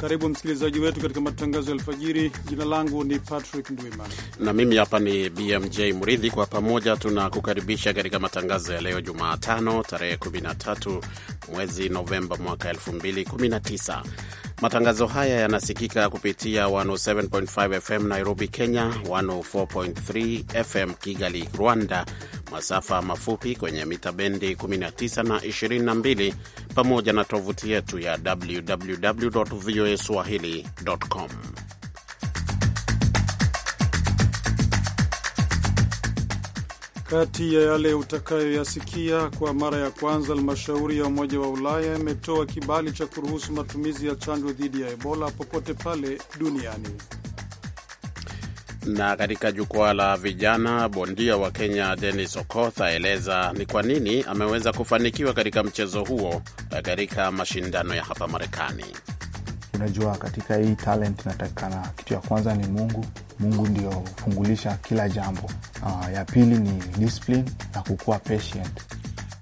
Karibu msikilizaji wetu katika matangazo ya alfajiri. Jina langu ni Patrick Ndwimana na mimi hapa ni BMJ Mridhi. Kwa pamoja tunakukaribisha katika matangazo ya leo Jumatano tarehe 13 mwezi Novemba mwaka 2019 Matangazo haya yanasikika kupitia 107.5 FM Nairobi, Kenya, 104.3 FM Kigali, Rwanda, masafa mafupi kwenye mita bendi 19 na 22, pamoja na tovuti yetu ya www voa swahili.com. Kati ya yale utakayoyasikia, kwa mara ya kwanza halmashauri ya Umoja wa Ulaya imetoa kibali cha kuruhusu matumizi ya chanjo dhidi ya Ebola popote pale duniani. Na katika jukwaa la vijana, bondia wa Kenya Dennis Okoth aeleza ni kwa nini ameweza kufanikiwa katika mchezo huo katika mashindano ya hapa Marekani. Unajua, katika hii talent inatakikana kitu ya kwanza ni Mungu. Mungu ndio fungulisha kila jambo. Uh, ya pili ni discipline na kukuwa patient.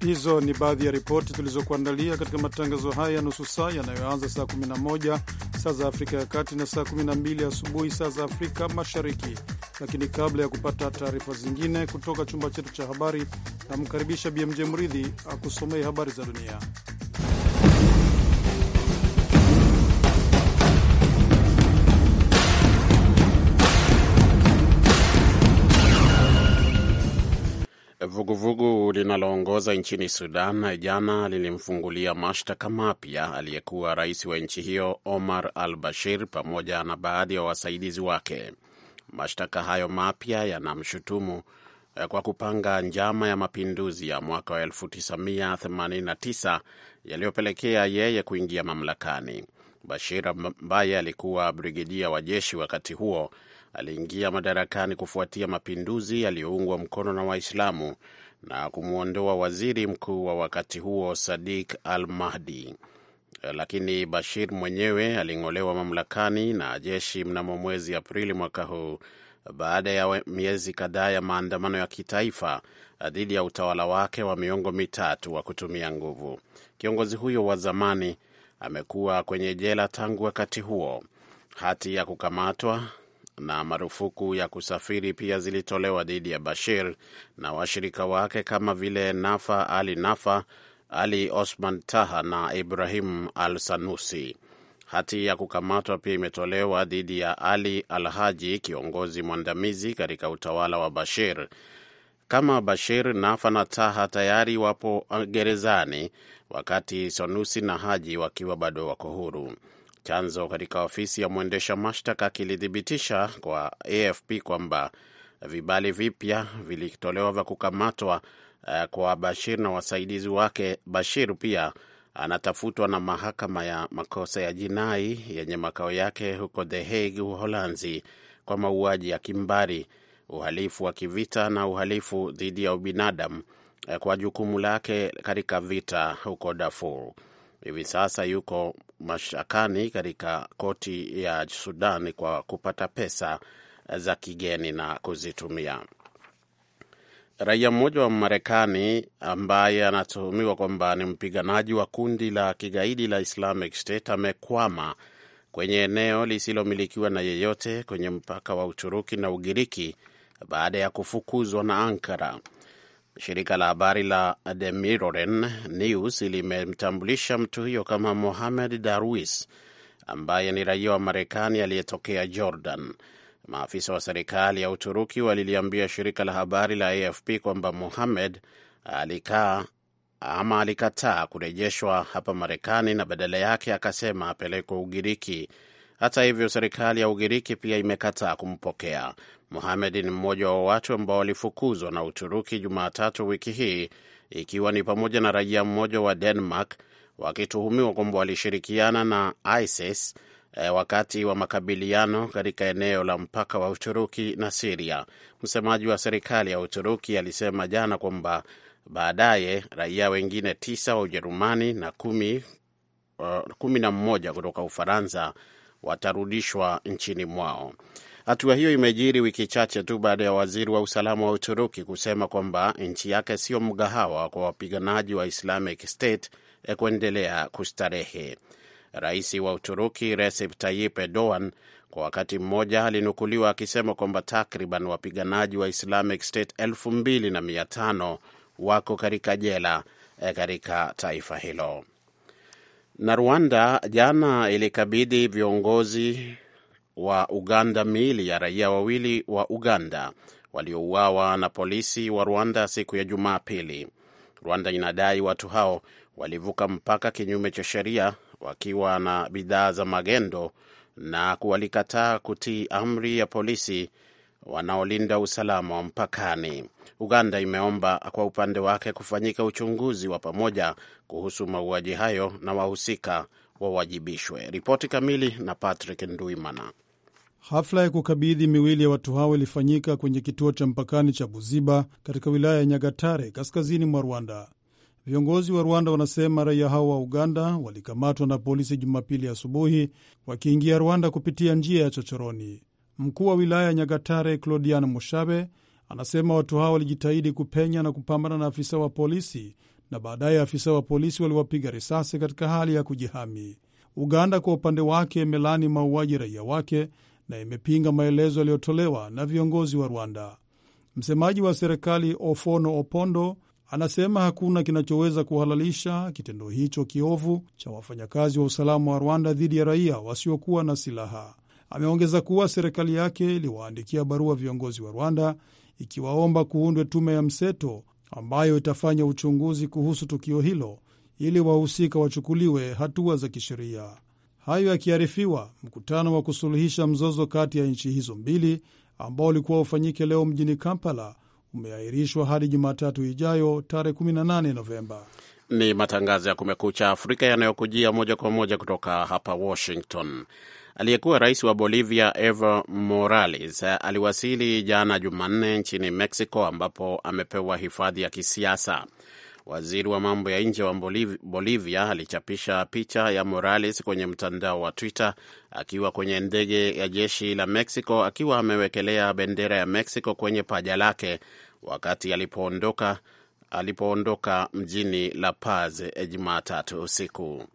Hizo ni baadhi ya ripoti tulizokuandalia katika matangazo haya ya nusu saa yanayoanza saa 11 saa za Afrika ya Kati na saa 12 asubuhi saa za Afrika Mashariki. Lakini kabla ya kupata taarifa zingine kutoka chumba chetu cha habari, namkaribisha BMJ Mridhi akusomee habari za dunia. Vuguvugu linaloongoza nchini Sudan jana lilimfungulia mashtaka mapya aliyekuwa rais wa nchi hiyo Omar al Bashir pamoja na baadhi ya wa wasaidizi wake. Mashtaka hayo mapya yanamshutumu eh, kwa kupanga njama ya mapinduzi ya mwaka wa 1989 yaliyopelekea yeye kuingia mamlakani. Bashir ambaye alikuwa brigedia wa jeshi wakati huo aliingia madarakani kufuatia mapinduzi yaliyoungwa mkono na Waislamu na kumwondoa waziri mkuu wa wakati huo sadik Al Mahdi. Lakini Bashir mwenyewe aling'olewa mamlakani na jeshi mnamo mwezi Aprili mwaka huu baada ya miezi kadhaa ya maandamano ya kitaifa dhidi ya utawala wake wa miongo mitatu wa kutumia nguvu. Kiongozi huyo wa zamani amekuwa kwenye jela tangu wakati huo. Hati ya kukamatwa na marufuku ya kusafiri pia zilitolewa dhidi ya Bashir na washirika wake kama vile Nafa Ali Nafa Ali Osman Taha na Ibrahim Al Sanusi. Hati ya kukamatwa pia imetolewa dhidi ya Ali al haji kiongozi mwandamizi katika utawala wa Bashir. Kama Bashir, Nafa na Taha tayari wapo gerezani, wakati Sanusi na Haji wakiwa bado wako huru. Chanzo katika ofisi ya mwendesha mashtaka kilithibitisha kwa AFP kwamba vibali vipya vilitolewa vya kukamatwa eh, kwa Bashir na wasaidizi wake. Bashir pia anatafutwa na mahakama ya makosa ya jinai yenye makao yake huko The Hague, Uholanzi, kwa mauaji ya kimbari, uhalifu wa kivita na uhalifu dhidi ya ubinadamu eh, kwa jukumu lake katika vita huko Darfur hivi sasa yuko mashakani katika koti ya Sudan kwa kupata pesa za kigeni na kuzitumia. Raia mmoja wa Marekani ambaye anatuhumiwa kwamba ni mpiganaji wa kundi la kigaidi la Islamic State amekwama kwenye eneo lisilomilikiwa na yeyote kwenye mpaka wa Uturuki na Ugiriki baada ya kufukuzwa na Ankara. Shirika la habari la The Mirror News limemtambulisha mtu huyo kama Mohamed Darwis ambaye ni raia wa Marekani aliyetokea Jordan. Maafisa wa serikali ya Uturuki waliliambia shirika la habari la AFP kwamba Mohamed alikaa ama alikataa kurejeshwa hapa Marekani na badala yake akasema apelekwe Ugiriki hata hivyo, serikali ya Ugiriki pia imekataa kumpokea. Mohamed ni mmoja wa watu ambao walifukuzwa na Uturuki Jumatatu wiki hii, ikiwa ni pamoja na raia mmoja wa Denmark, wakituhumiwa kwamba walishirikiana na ISIS e, wakati wa makabiliano katika eneo la mpaka wa Uturuki na Siria. Msemaji wa serikali ya Uturuki alisema jana kwamba baadaye raia wengine tisa wa Ujerumani na kumi, uh, kumi na mmoja kutoka Ufaransa watarudishwa nchini mwao. Hatua hiyo imejiri wiki chache tu baada ya waziri wa usalama wa Uturuki kusema kwamba nchi yake sio mgahawa kwa wapiganaji wa Islamic State eh, kuendelea kustarehe. Rais wa Uturuki Recep Tayyip Erdogan kwa wakati mmoja alinukuliwa akisema kwamba takriban wapiganaji wa Islamic State elfu wako katika jela eh, katika taifa hilo. Na Rwanda jana ilikabidhi viongozi wa Uganda miili ya raia wawili wa Uganda waliouawa na polisi wa Rwanda siku ya Jumapili. Rwanda inadai watu hao walivuka mpaka kinyume cha sheria wakiwa na bidhaa za magendo na walikataa kutii amri ya polisi wanaolinda usalama wa mpakani. Uganda imeomba kwa upande wake kufanyika uchunguzi wa pamoja kuhusu mauaji hayo na wahusika wawajibishwe. Ripoti kamili na Patrick Nduimana. Hafla ya kukabidhi miwili ya watu hao ilifanyika kwenye kituo cha mpakani cha Buziba katika wilaya ya Nyagatare, kaskazini mwa Rwanda. Viongozi wa Rwanda wanasema raia hao wa Uganda walikamatwa na polisi Jumapili asubuhi wakiingia Rwanda kupitia njia ya chochoroni. Mkuu wa wilaya ya Nyagatare Claudian Mushabe anasema watu hao walijitahidi kupenya na kupambana na afisa wa polisi na baadaye afisa wa polisi waliwapiga risasi katika hali ya kujihami. Uganda kwa upande wake imelaani mauaji raia wake na imepinga maelezo yaliyotolewa na viongozi wa Rwanda. Msemaji wa serikali Ofono Opondo anasema hakuna kinachoweza kuhalalisha kitendo hicho kiovu cha wafanyakazi wa usalama wa Rwanda dhidi ya raia wasiokuwa na silaha. Ameongeza kuwa serikali yake iliwaandikia barua viongozi wa Rwanda ikiwaomba kuundwe tume ya mseto ambayo itafanya uchunguzi kuhusu tukio hilo ili wahusika wachukuliwe hatua za kisheria. Hayo yakiarifiwa, mkutano wa kusuluhisha mzozo kati ya nchi hizo mbili ambao ulikuwa ufanyike leo mjini Kampala umeahirishwa hadi Jumatatu ijayo tarehe 18 Novemba. Ni matangazo ya Kumekucha Afrika yanayokujia moja kwa moja kutoka hapa Washington. Aliyekuwa rais wa Bolivia Evo Morales aliwasili jana Jumanne nchini Mexico, ambapo amepewa hifadhi ya kisiasa. Waziri wa mambo ya nje wa Bolivia alichapisha picha ya Morales kwenye mtandao wa Twitter akiwa kwenye ndege ya jeshi la Mexico akiwa amewekelea bendera ya Mexico kwenye paja lake wakati alipoondoka alipoondoka mjini La Paz Jumatatu usiku.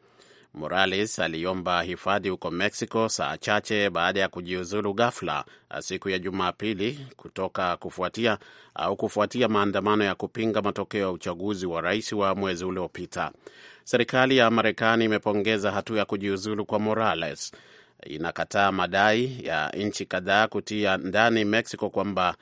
Morales aliomba hifadhi huko Mexico saa chache baada ya kujiuzulu ghafla uh, siku ya Jumapili kutoka kufuatia au kufuatia maandamano ya kupinga matokeo ya uchaguzi wa rais wa mwezi uliopita. Serikali ya Marekani imepongeza hatua ya kujiuzulu kwa Morales. Inakataa madai ya nchi kadhaa kutia ndani Mexico kwamba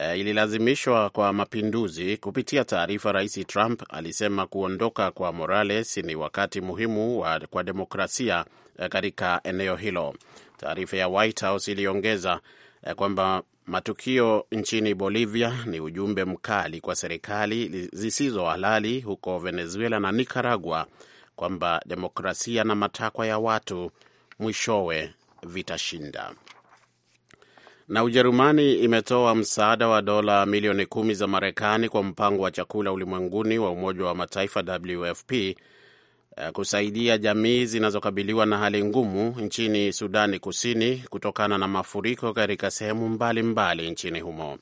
Eh, ililazimishwa kwa mapinduzi. Kupitia taarifa, Rais Trump alisema kuondoka kwa Morales ni wakati muhimu wa, kwa demokrasia eh, katika eneo hilo. Taarifa ya White House iliongeza eh, kwamba matukio nchini Bolivia ni ujumbe mkali kwa serikali zisizo halali huko Venezuela na Nicaragua kwamba demokrasia na matakwa ya watu mwishowe vitashinda. Na Ujerumani imetoa msaada wa dola milioni kumi za Marekani kwa mpango wa chakula ulimwenguni wa Umoja wa Mataifa WFP eh, kusaidia jamii zinazokabiliwa na hali ngumu nchini Sudani Kusini kutokana na mafuriko katika sehemu mbalimbali nchini humo.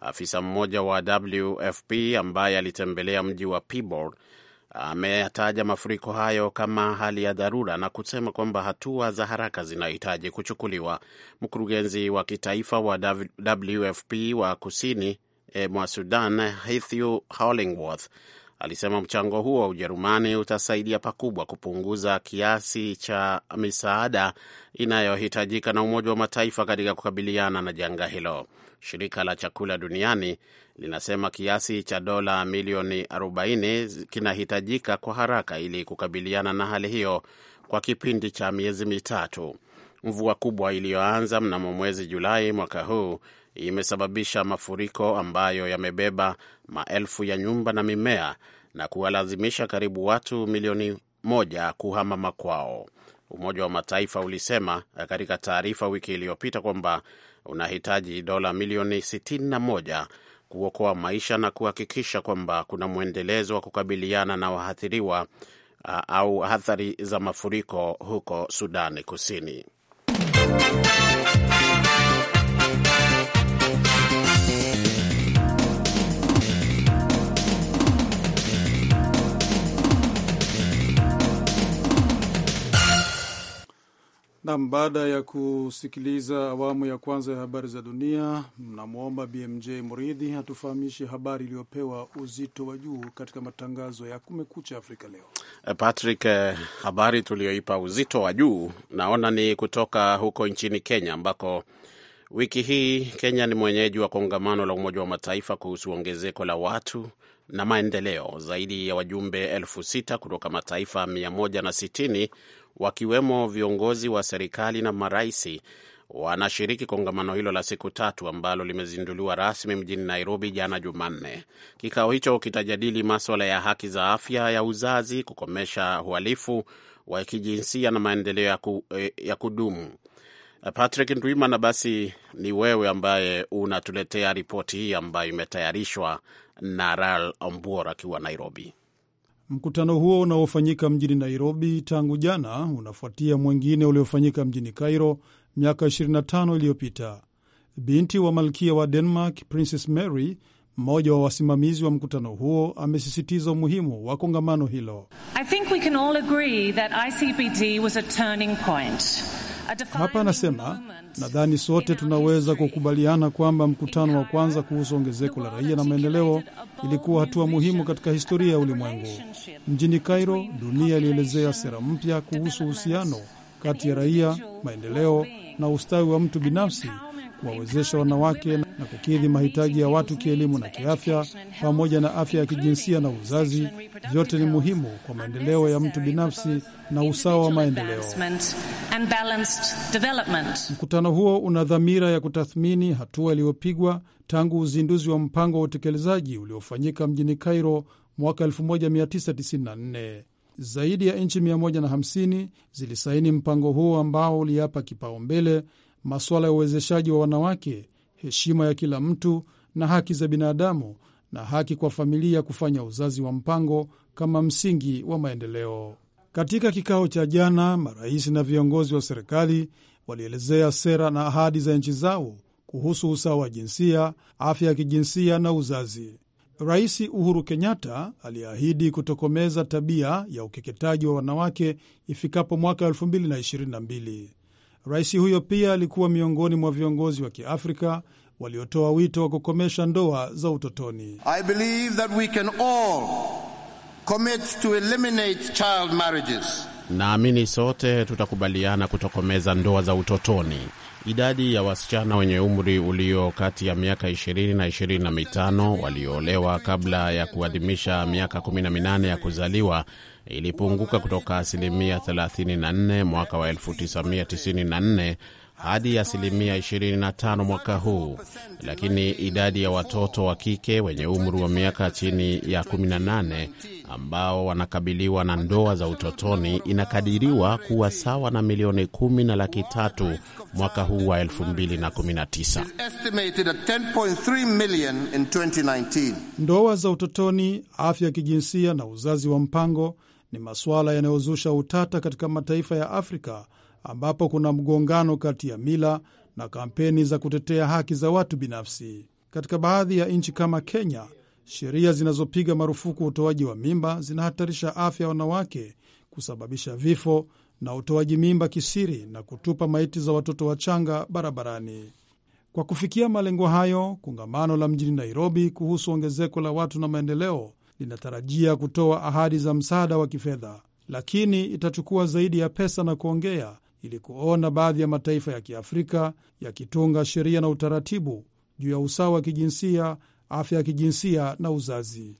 Afisa mmoja wa WFP ambaye alitembelea mji wa Pibor ameyataja mafuriko hayo kama hali ya dharura na kusema kwamba hatua za haraka zinahitaji kuchukuliwa. Mkurugenzi wa kitaifa wa WFP wa kusini e, mwa Sudan, Hithu Hollingworth alisema mchango huo wa Ujerumani utasaidia pakubwa kupunguza kiasi cha misaada inayohitajika na Umoja wa Mataifa katika kukabiliana na janga hilo. Shirika la chakula duniani linasema kiasi cha dola milioni 40 kinahitajika kwa haraka ili kukabiliana na hali hiyo kwa kipindi cha miezi mitatu. Mvua kubwa iliyoanza mnamo mwezi Julai mwaka huu imesababisha mafuriko ambayo yamebeba maelfu ya nyumba na mimea na kuwalazimisha karibu watu milioni moja kuhama makwao. Umoja wa Mataifa ulisema eh, katika taarifa wiki iliyopita kwamba unahitaji dola milioni 61 kuokoa maisha na kuhakikisha kwamba kuna mwendelezo wa kukabiliana na waathiriwa eh, au athari za mafuriko huko Sudani Kusini. Nam, baada ya kusikiliza awamu ya kwanza ya habari za dunia, mnamwomba BMJ Muridhi atufahamishe habari iliyopewa uzito wa juu katika matangazo ya Kumekucha Afrika leo. Patrick, eh, habari tuliyoipa uzito wa juu naona ni kutoka huko nchini Kenya, ambako wiki hii Kenya ni mwenyeji wa kongamano la Umoja wa Mataifa kuhusu ongezeko la watu na maendeleo. Zaidi ya wajumbe elfu sita kutoka mataifa 160 wakiwemo viongozi wa serikali na maraisi wanashiriki kongamano hilo la siku tatu ambalo limezinduliwa rasmi mjini Nairobi jana Jumanne. Kikao hicho kitajadili maswala ya haki za afya ya uzazi, kukomesha uhalifu wa kijinsia na maendeleo ya, ku, eh, ya kudumu. Patrick Ndwimana, basi ni wewe ambaye unatuletea ripoti hii ambayo imetayarishwa na Ral Ombor akiwa Nairobi. Mkutano huo unaofanyika mjini Nairobi tangu jana unafuatia mwingine uliofanyika mjini Cairo miaka 25 iliyopita. Binti wa malkia wa Denmark, Princess Mary, mmoja wa wasimamizi wa mkutano huo, amesisitiza umuhimu wa kongamano hilo. I think we can all agree that was a turning point. Hapa anasema nadhani sote tunaweza kukubaliana kwamba mkutano wa kwanza kuhusu ongezeko la raia na maendeleo ilikuwa hatua muhimu katika historia ya ulimwengu. Mjini Kairo, dunia ilielezea sera mpya kuhusu uhusiano kati ya raia, maendeleo na ustawi wa mtu binafsi kuwawezesha wanawake na kukidhi mahitaji ya watu kielimu na kiafya, pamoja na afya ya kijinsia na uzazi, vyote ni muhimu kwa maendeleo ya mtu binafsi na usawa wa maendeleo. Mkutano huo una dhamira ya kutathmini hatua iliyopigwa tangu uzinduzi wa mpango wa utekelezaji uliofanyika mjini Cairo mwaka 1994. Zaidi ya nchi 150 zilisaini mpango huo ambao uliapa kipaumbele masuala ya uwezeshaji wa wanawake, heshima ya kila mtu na haki za binadamu na haki kwa familia kufanya uzazi wa mpango kama msingi wa maendeleo. Katika kikao cha jana, marais na viongozi wa serikali walielezea sera na ahadi za nchi zao kuhusu usawa wa jinsia, afya ya kijinsia na uzazi. Rais Uhuru Kenyatta aliahidi kutokomeza tabia ya ukeketaji wa wanawake ifikapo mwaka 2022. Rais huyo pia alikuwa miongoni mwa viongozi wa Kiafrika waliotoa wito wa kukomesha ndoa za utotoni. I believe that we can all commit to eliminate child marriages. Naamini sote tutakubaliana kutokomeza ndoa za utotoni. Idadi ya wasichana wenye umri ulio kati ya miaka 20 na 25 walioolewa kabla ya kuadhimisha miaka 18 ya kuzaliwa ilipunguka kutoka asilimia 34 mwaka wa 1994 hadi asilimia 25 mwaka huu, lakini idadi ya watoto wa kike wenye umri wa miaka chini ya 18 ambao wanakabiliwa na ndoa za utotoni inakadiriwa kuwa sawa na milioni 1 na laki tatu mwaka huu wa 2019. Ndoa za utotoni, afya ya kijinsia na uzazi wa mpango ni masuala yanayozusha utata katika mataifa ya Afrika ambapo kuna mgongano kati ya mila na kampeni za kutetea haki za watu binafsi. Katika baadhi ya nchi kama Kenya, sheria zinazopiga marufuku utoaji wa mimba zinahatarisha afya ya wanawake, kusababisha vifo na utoaji mimba kisiri na kutupa maiti za watoto wachanga barabarani. Kwa kufikia malengo hayo, kongamano la mjini Nairobi kuhusu ongezeko la watu na maendeleo linatarajia kutoa ahadi za msaada wa kifedha, lakini itachukua zaidi ya pesa na kuongea ili kuona baadhi ya mataifa ya Kiafrika yakitunga sheria na utaratibu juu ya usawa wa kijinsia, afya ya kijinsia na uzazi.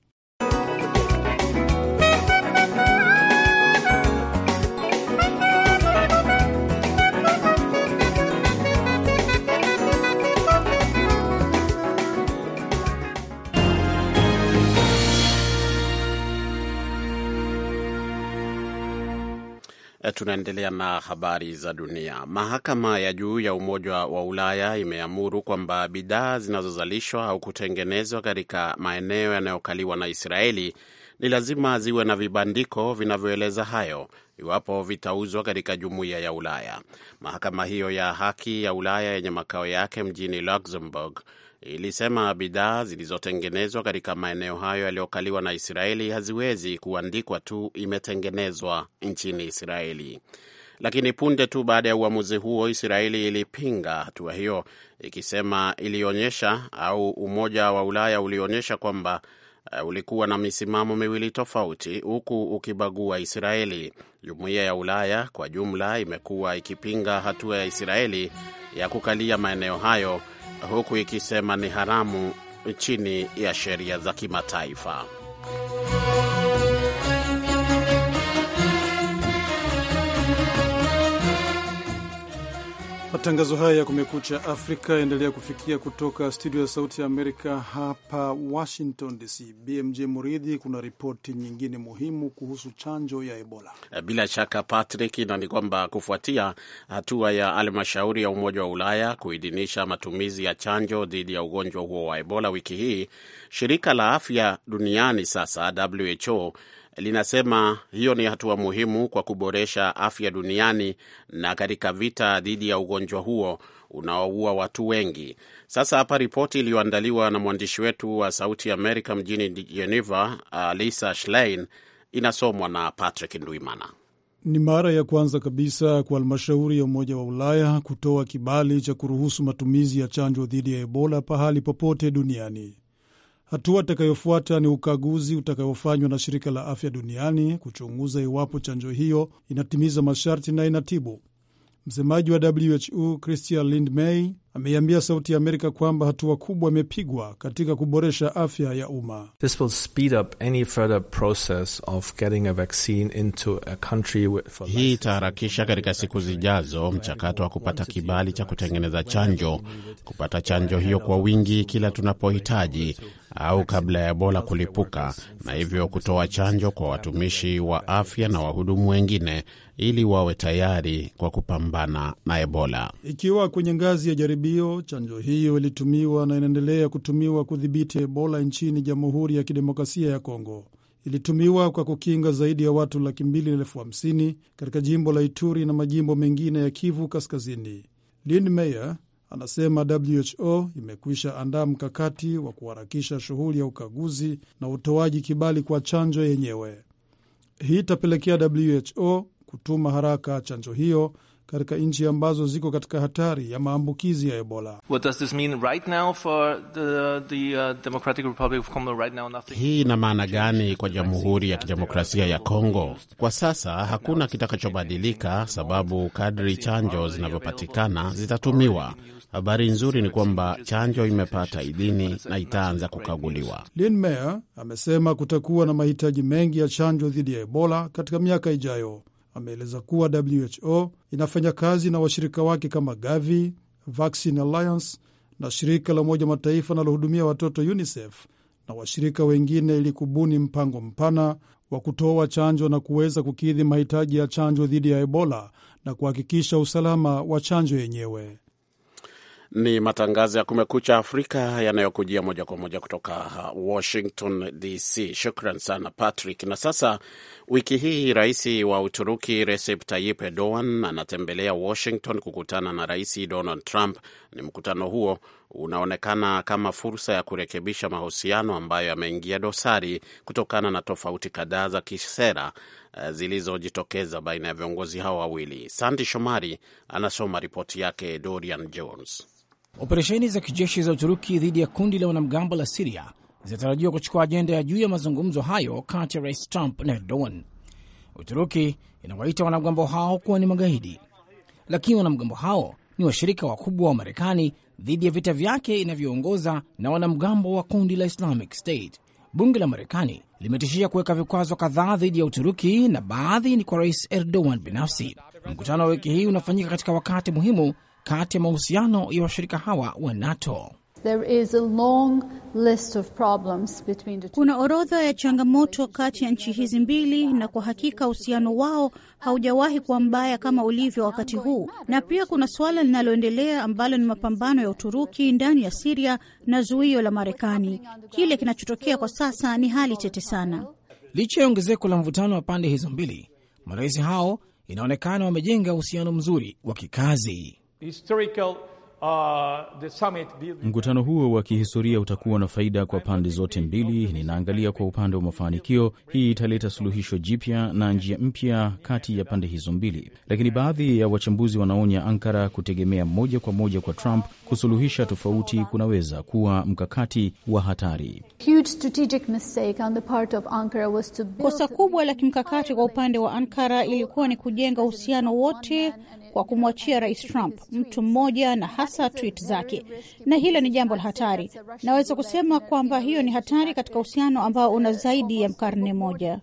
Eh, tunaendelea na habari za dunia. Mahakama ya juu ya Umoja wa Ulaya imeamuru kwamba bidhaa zinazozalishwa au kutengenezwa katika maeneo yanayokaliwa na Israeli ni lazima ziwe na vibandiko vinavyoeleza hayo iwapo vitauzwa katika jumuiya ya Ulaya. Mahakama hiyo ya haki ya Ulaya yenye makao yake mjini Luxembourg ilisema bidhaa zilizotengenezwa katika maeneo hayo yaliyokaliwa na Israeli haziwezi kuandikwa tu imetengenezwa nchini Israeli. Lakini punde tu baada ya uamuzi huo, Israeli ilipinga hatua hiyo, ikisema ilionyesha au Umoja wa Ulaya ulionyesha kwamba Uh, ulikuwa na misimamo miwili tofauti huku ukibagua Israeli. Jumuiya ya Ulaya kwa jumla imekuwa ikipinga hatua ya Israeli ya kukalia maeneo hayo huku ikisema ni haramu chini ya sheria za kimataifa. Matangazo haya ya Kumekucha Afrika yaendelea kufikia kutoka studio ya Sauti ya Amerika hapa Washington DC. BMJ Muridhi, kuna ripoti nyingine muhimu kuhusu chanjo ya Ebola. Eh, bila shaka Patrick, na ni kwamba kufuatia hatua ya halmashauri ya Umoja wa Ulaya kuidhinisha matumizi ya chanjo dhidi ya ugonjwa huo wa Ebola wiki hii, shirika la afya duniani sasa WHO linasema hiyo ni hatua muhimu kwa kuboresha afya duniani na katika vita dhidi ya ugonjwa huo unaoua watu wengi. Sasa hapa ripoti iliyoandaliwa na mwandishi wetu wa Sauti Amerika mjini Geneva, uh, Lisa Schlein, inasomwa na Patrick Ndwimana. Ni mara ya kwanza kabisa kwa halmashauri ya Umoja wa Ulaya kutoa kibali cha kuruhusu matumizi ya chanjo dhidi ya Ebola pahali popote duniani. Hatua itakayofuata ni ukaguzi utakayofanywa na shirika la afya duniani kuchunguza iwapo chanjo hiyo inatimiza masharti na inatibu. Msemaji wa WHO Christian Lindmey ameiambia Sauti ya Amerika kwamba hatua kubwa imepigwa katika kuboresha afya ya umma. Hii itaharakisha katika siku zijazo mchakato wa kupata kibali cha kutengeneza chanjo, kupata chanjo hiyo kwa wingi kila tunapohitaji au kabla ya Ebola kulipuka, na hivyo kutoa chanjo kwa watumishi wa afya na wahudumu wengine ili wawe tayari kwa kupambana na Ebola. Ikiwa kwenye ngazi ya jaribio, chanjo hiyo ilitumiwa na inaendelea kutumiwa kudhibiti Ebola nchini Jamhuri ya Kidemokrasia ya Kongo. Ilitumiwa kwa kukinga zaidi ya watu laki mbili na elfu hamsini katika jimbo la Ituri na majimbo mengine ya Kivu Kaskazini. Lin Meyer anasema WHO imekwisha andaa mkakati wa kuharakisha shughuli ya ukaguzi na utoaji kibali kwa chanjo yenyewe. Hii itapelekea WHO kutuma haraka chanjo hiyo katika nchi ambazo ziko katika hatari ya maambukizi ya Ebola. Uh, Hii ina maana gani kwa Jamhuri ya Kidemokrasia ya Kongo? Kwa sasa hakuna kitakachobadilika, sababu kadri chanjo zinavyopatikana zitatumiwa. Habari nzuri ni kwamba chanjo imepata idhini na itaanza kukaguliwa. Lin Meyer amesema kutakuwa na mahitaji mengi ya chanjo dhidi ya Ebola katika miaka ijayo ameeleza kuwa WHO inafanya kazi na washirika wake kama Gavi, Vaccine Alliance na shirika la Umoja Mataifa linalohudumia watoto UNICEF na washirika wengine ili kubuni mpango mpana wa kutoa chanjo na kuweza kukidhi mahitaji ya chanjo dhidi ya Ebola na kuhakikisha usalama wa chanjo yenyewe. Ni matangazo ya Kumekucha Afrika yanayokujia moja kwa moja kutoka Washington DC. Shukran sana Patrick. Na sasa, wiki hii rais wa Uturuki Recep Tayyip Erdogan anatembelea Washington kukutana na Rais Donald Trump. Ni mkutano huo unaonekana kama fursa ya kurekebisha mahusiano ambayo yameingia dosari kutokana na tofauti kadhaa za kisera eh, zilizojitokeza baina ya viongozi hao wawili. Sandi Shomari anasoma ripoti yake Dorian Jones. Operesheni za kijeshi za Uturuki dhidi ya kundi la wanamgambo la Siria zinatarajiwa kuchukua ajenda ya juu ya mazungumzo hayo kati ya Rais Trump na Erdogan. Uturuki inawaita wanamgambo hao kuwa ni magaidi, lakini wanamgambo hao ni washirika wakubwa wa Marekani dhidi ya vita vyake inavyoongoza na wanamgambo wa kundi la Islamic State. Bunge la Marekani limetishia kuweka vikwazo kadhaa dhidi ya Uturuki na baadhi ni kwa Rais Erdogan binafsi. Mkutano wa wiki hii unafanyika katika wakati muhimu kati ya mahusiano ya washirika hawa wa NATO. There is a long list of problems between the two. Kuna orodha ya changamoto kati ya nchi hizi mbili, na kwa hakika uhusiano wao haujawahi kuwa mbaya kama ulivyo wakati huu. Na pia kuna suala linaloendelea ambalo ni mapambano ya Uturuki ndani ya Siria na zuio la Marekani. Kile kinachotokea kwa sasa ni hali tete sana. Licha ya ongezeko la mvutano wa pande hizo mbili, marais hao inaonekana wamejenga uhusiano mzuri wa kikazi historical Uh, the summit mkutano huo wa kihistoria utakuwa na faida kwa pande zote mbili. Ninaangalia kwa upande wa mafanikio, hii italeta suluhisho jipya na njia mpya kati ya pande hizo mbili, lakini baadhi ya wachambuzi wanaonya Ankara kutegemea moja kwa moja kwa Trump kusuluhisha tofauti kunaweza kuwa mkakati wa hatari. Kosa kubwa la kimkakati kwa upande wa Ankara ilikuwa ni kujenga uhusiano wote kwa kumwachia Rais Trump mtu mmoja na hasa tweet zake, na hilo ni jambo la hatari. Naweza kusema kwamba hiyo ni hatari katika uhusiano ambao una zaidi ya karne moja.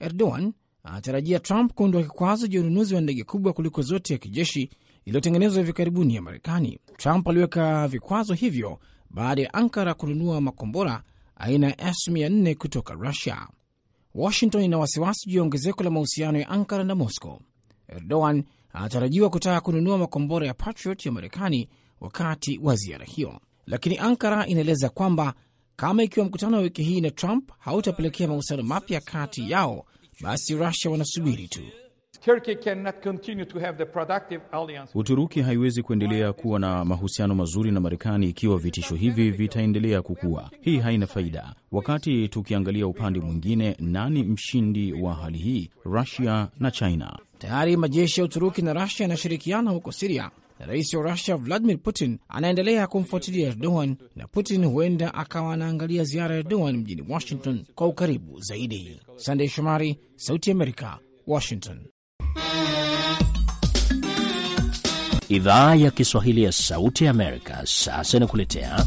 Erdogan anatarajia Trump kuondoa kikwazo cha ununuzi wa ndege kubwa kuliko zote ya kijeshi iliyotengenezwa hivi karibuni ya Marekani. Trump aliweka vikwazo hivyo baada ya Ankara kununua makombora aina ya S-400 kutoka Russia. Washington ina wasiwasi juu ya ongezeko la mahusiano ya Ankara na Moscow. Erdogan anatarajiwa kutaka kununua makombora ya Patriot ya Marekani wakati wa ziara hiyo, lakini Ankara inaeleza kwamba kama ikiwa mkutano wa wiki hii na Trump hautapelekea mahusiano mapya kati yao, basi Rusia wanasubiri tu. Uturuki haiwezi kuendelea kuwa na mahusiano mazuri na Marekani ikiwa vitisho hivi vitaendelea kukua. Hii haina faida. Wakati tukiangalia upande mwingine, nani mshindi wa hali hii? Rusia na China. Tayari majeshi ya Uturuki na Rusia yanashirikiana huko Siria, na rais wa Rusia Vladimir Putin anaendelea kumfuatilia Erdogan, na Putin huenda akawa anaangalia ziara ya Erdogan mjini Washington kwa ukaribu zaidi. Sandey Shomari, Sauti ya Amerika, Washington. Idhaa ya Kiswahili ya Sauti ya Amerika sasa inakuletea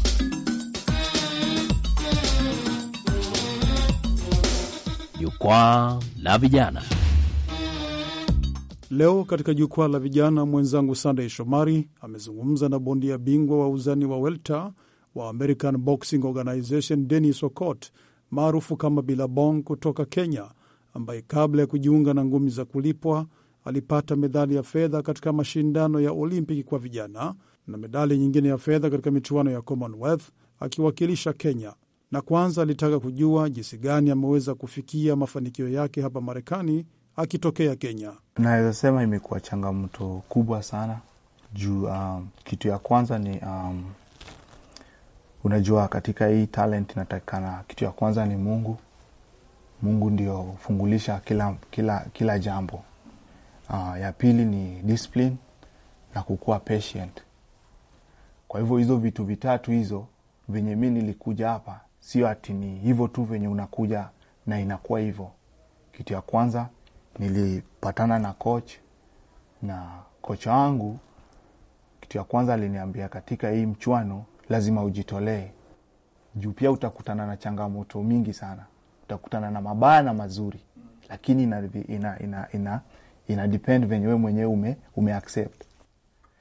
Jukwaa la Vijana. Leo katika Jukwaa la Vijana, mwenzangu Sandey Shomari amezungumza na bondia bingwa wa uzani wa welta wa American Boxing Organization Denis Okot maarufu kama Bilabong kutoka Kenya, ambaye kabla ya kujiunga na ngumi za kulipwa alipata medali ya fedha katika mashindano ya Olimpiki kwa vijana na medali nyingine ya fedha katika michuano ya Commonwealth akiwakilisha Kenya, na kwanza alitaka kujua jinsi gani ameweza kufikia mafanikio yake hapa Marekani akitokea Kenya. Naweza sema imekuwa changamoto kubwa sana juu, um, kitu ya kwanza ni um, unajua katika hii talent inatakikana, kitu ya kwanza ni Mungu. Mungu ndio hufungulisha kila, kila, kila jambo Uh, ya pili ni discipline na kukuwa patient. Kwa hivyo hizo vitu vitatu hizo venye mi nilikuja hapa, sio ati ni hivyo tu venye unakuja na inakuwa hivyo. Kitu ya kwanza nilipatana na coach na kocha wangu, kitu ya kwanza aliniambia katika hii mchuano lazima ujitolee, juu pia utakutana na changamoto mingi sana, utakutana na mabaya na mazuri, lakini ina, ina, ina, ina ina depend venye we mwenyewe ume, ume accept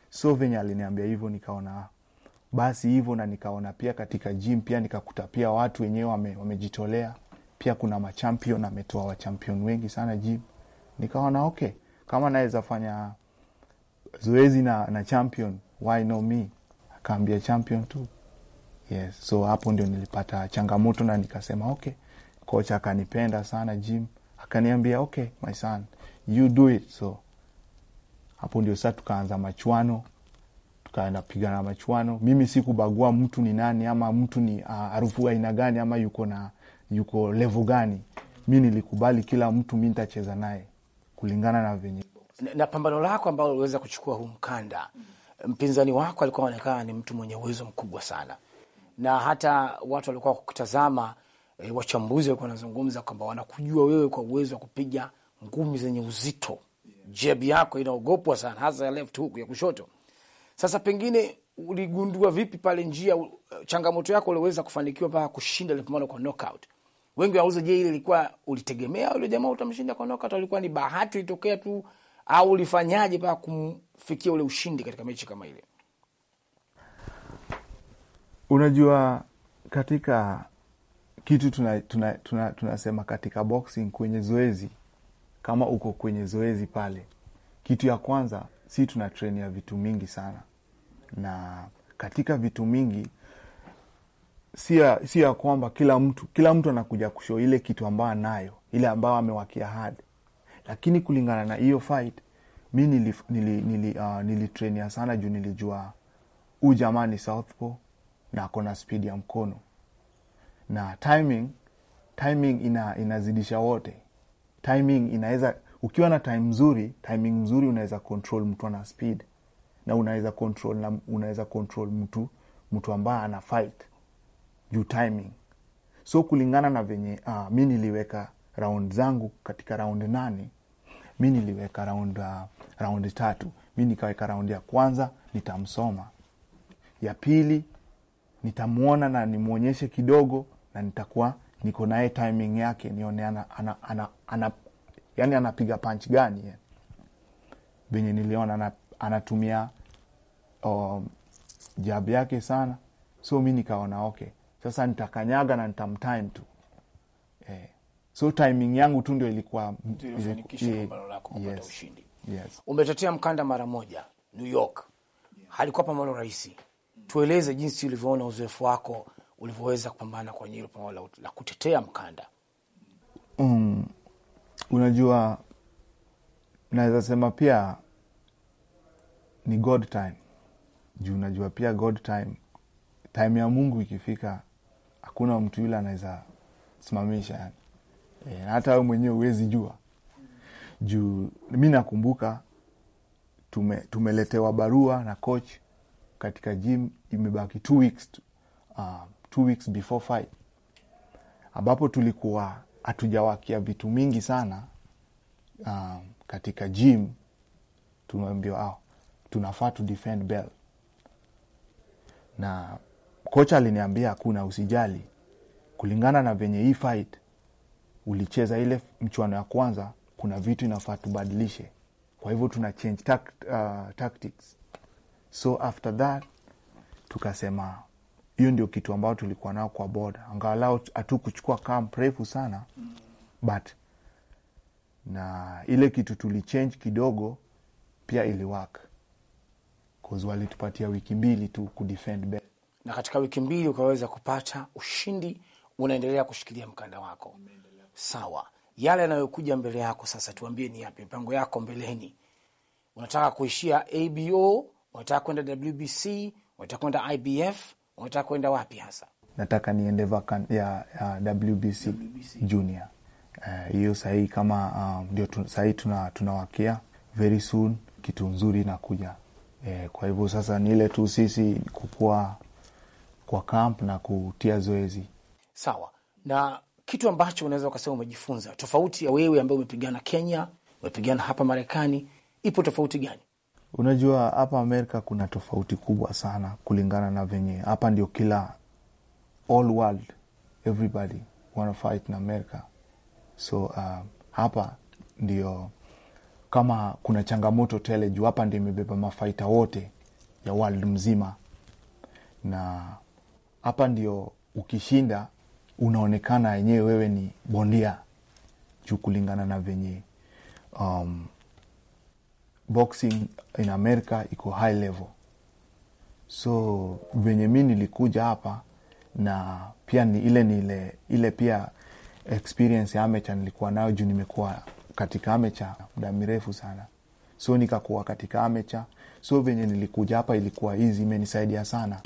so venye aliniambia hivyo nikaona basi hivyo na nikaona pia katika gym pia nikakuta pia watu wenyewe wame, wamejitolea pia kuna machampion ametoa wachampion wengi sana gym nikaona okay kama naweza fanya zoezi na, na champion why no me akaambia champion tu yes so hapo ndio nilipata changamoto na nikasema okay kocha akanipenda sana gym akaniambia okay my son you do it. So hapo ndio sasa tukaanza machuano, tukaenda pigana machuano. Mimi sikubagua mtu ni nani ama mtu ni ah, harufu uh, aina gani ama yuko na yuko level gani. Mi nilikubali kila mtu mi nitacheza naye kulingana na venye na, pambano lako ambalo uliweza kuchukua huu mkanda. Mpinzani wako alikuwa anaonekana ni mtu mwenye uwezo mkubwa sana, na hata watu walikuwa kukutazama, E, eh, wachambuzi walikuwa wanazungumza kwamba wanakujua wewe kwa uwezo wa kupiga ngumi zenye uzito, jeb yako inaogopwa sana, hasa ya left hook, ya kushoto. Sasa pengine uligundua vipi pale njia, uh, changamoto yako uliweza kufanikiwa mpaka kushinda ile pambano kwa knockout? Wengi wauza, je, ile ilikuwa ulitegemea ule jamaa utamshinda kwa knockout, alikuwa ni bahati ilitokea tu, au ulifanyaje mpaka kumfikia ule ushindi katika mechi kama ile? Unajua, katika kitu tunasema tuna, tuna, tuna katika boxing kwenye zoezi kama uko kwenye zoezi pale, kitu ya kwanza, si tuna treni ya vitu mingi sana, na katika vitu mingi si ya kwamba kila mtu kila mtu anakuja kusho ile kitu ambayo anayo ile ambayo amewakia hadi, lakini kulingana na hiyo fight, mi nilitrenia nili, nili, uh, nilitrenia sana juu nilijua huu jamaa ni southpaw na akona spidi ya mkono na timing, timing ina, inazidisha wote timing inaweza ukiwa na time nzuri, timing nzuri unaweza control mtu ana speed na unaweza control na unaweza control mtu mtu ambaye ana fight juu timing. So kulingana na venye uh, mi niliweka raund zangu katika raund nane, mi niliweka raund uh, ah, round tatu. Mi nikaweka raund ya kwanza nitamsoma, ya pili nitamwona na nimwonyeshe kidogo, na nitakuwa niko naye timing yake nione ana, ana, ana, ana, yani anapiga punch gani Venye niliona ana, anatumia um, jab yake sana, so mi nikaona ok sasa nitakanyaga na nitamtime tu eh. So timing yangu tu ndio ilikuwa eh, yes, yes. Umetetea mkanda mara moja New York, halikuwa pamalo rahisi. Tueleze jinsi ulivyoona uzoefu wako ulivyoweza kupambana kwenye hilo pambano la kutetea mkanda? Um, unajua naweza sema pia ni God time juu unajua pia God time, time ya Mungu ikifika hakuna mtu yule anaweza simamisha yani. E, hata we mwenyewe huwezi jua juu mi nakumbuka tume, tumeletewa barua na coach katika gym, imebaki two weeks tu. Uh, two weeks before fight ambapo tulikuwa hatujawakia vitu mingi sana um, katika gym tumeambiwa ah, tunafaa to defend bell na kocha aliniambia hakuna usijali kulingana na venye hii fight ulicheza ile mchuano ya kwanza kuna vitu inafaa tubadilishe kwa hivyo tuna change tact, uh, tactics so after that tukasema hiyo ndio kitu ambayo tulikuwa nao kwa boda, angalau kuchukua kaa mrefu sana mm. but na ile kitu tulichange kidogo pia iliwak walitupatia wiki mbili tu kudefend bet. Na katika wiki mbili ukaweza kupata ushindi, unaendelea kushikilia mkanda wako Sawa, yale yanayokuja mbele yako sasa, tuambie ni yapi mipango yako mbeleni? Unataka kuishia ABO? Unataka kwenda WBC? Unataka kwenda IBF? Unataka wapi hasa? Nataka niende vakan ya, ya WBC, WBC junior eh, hiyo. Uh, sahii kama um, ndio, uh, sahii tunawakia very soon kitu nzuri inakuja. Uh, kwa hivyo sasa ni ile tu sisi kukua kwa camp na kutia zoezi. Sawa, na kitu ambacho unaweza ukasema umejifunza tofauti ya wewe ambaye umepigana Kenya, umepigana hapa Marekani, ipo tofauti gani? Unajua hapa Amerika kuna tofauti kubwa sana kulingana na venye hapa ndio kila all world everybody wana fight na Amerika. So uh, hapa ndio kama kuna changamoto tele juu hapa ndio imebeba mafaita wote ya world mzima, na hapa ndio ukishinda unaonekana yenyewe wewe ni bondia juu kulingana na venye um, boxing in America iko high level, so venye mi nilikuja hapa na pia ni ile ni ile, ile pia experience ya amateur nilikuwa nayo juu nimekuwa katika amateur muda mrefu sana, so nikakuwa katika amateur. So venye nilikuja hapa ilikuwa hizi, imenisaidia sana.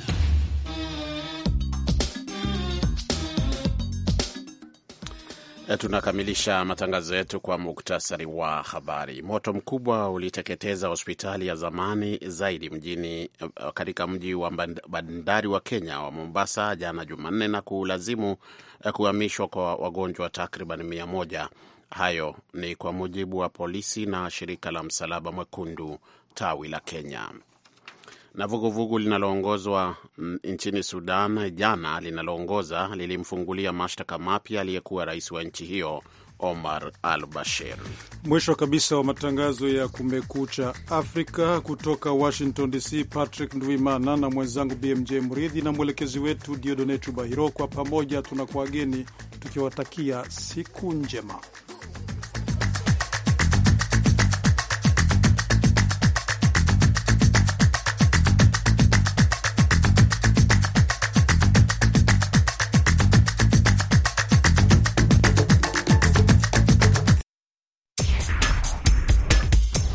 Tunakamilisha matangazo yetu kwa muktasari wa habari. Moto mkubwa uliteketeza hospitali ya zamani zaidi mjini eh, katika mji wa bandari wa Kenya wa Mombasa jana Jumanne na kulazimu eh, kuhamishwa kwa wagonjwa takriban mia moja. Hayo ni kwa mujibu wa polisi na shirika la Msalaba Mwekundu tawi la Kenya na vuguvugu linaloongozwa mm, nchini Sudan jana linaloongoza lilimfungulia mashtaka mapya aliyekuwa rais wa nchi hiyo Omar al Bashir. Mwisho kabisa wa matangazo ya Kumekucha Afrika kutoka Washington DC, Patrick Ndwimana na mwenzangu BMJ Mridhi na mwelekezi wetu Diodone Chubahiro, kwa pamoja tunakuageni tukiwatakia siku njema.